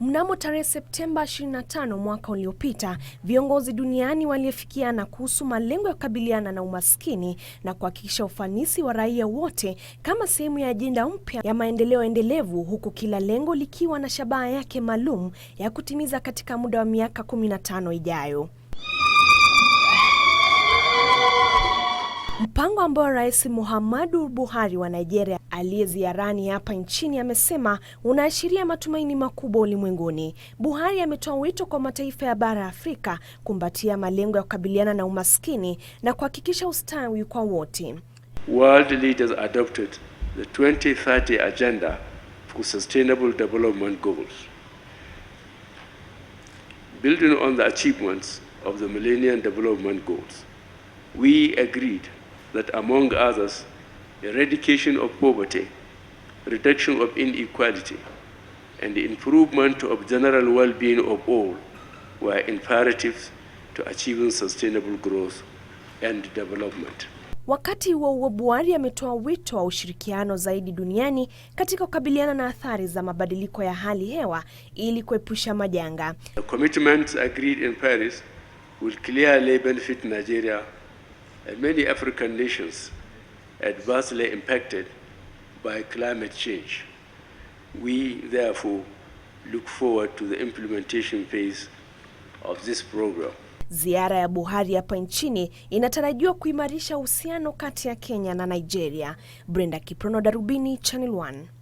Mnamo tarehe Septemba 25 mwaka uliopita, viongozi duniani waliafikiana kuhusu malengo ya kukabiliana na umaskini na kuhakikisha ufanisi wa raia wote kama sehemu ya ajenda mpya ya maendeleo endelevu, huku kila lengo likiwa na shabaha yake maalum ya kutimiza katika muda wa miaka 15 ijayo. mpango ambao Rais Muhammadu Buhari wa Nigeria aliyeziarani hapa nchini amesema unaashiria matumaini makubwa ulimwenguni. Buhari ametoa wito kwa mataifa ya bara Afrika kumbatia malengo ya kukabiliana na umaskini na kuhakikisha ustawi kwa wote. World leaders adopted the 2030 agenda for sustainable development goals. Building on the achievements of the millennium development goals, we agreed that among others, eradication of poverty, reduction of inequality, and the improvement of general well-being of all were imperatives to achieving sustainable growth and development. Wakati huo huo, Buhari ametoa wito wa ushirikiano zaidi duniani katika kukabiliana na athari za mabadiliko ya hali hewa ili kuepusha majanga. The commitments agreed in Paris will clearly benefit Nigeria and many African nations adversely impacted by climate change. We therefore look forward to the implementation phase of this program. Ziara ya Buhari hapa nchini inatarajiwa kuimarisha uhusiano kati ya Kenya na Nigeria. Brenda Kiprono, Darubini, Channel 1.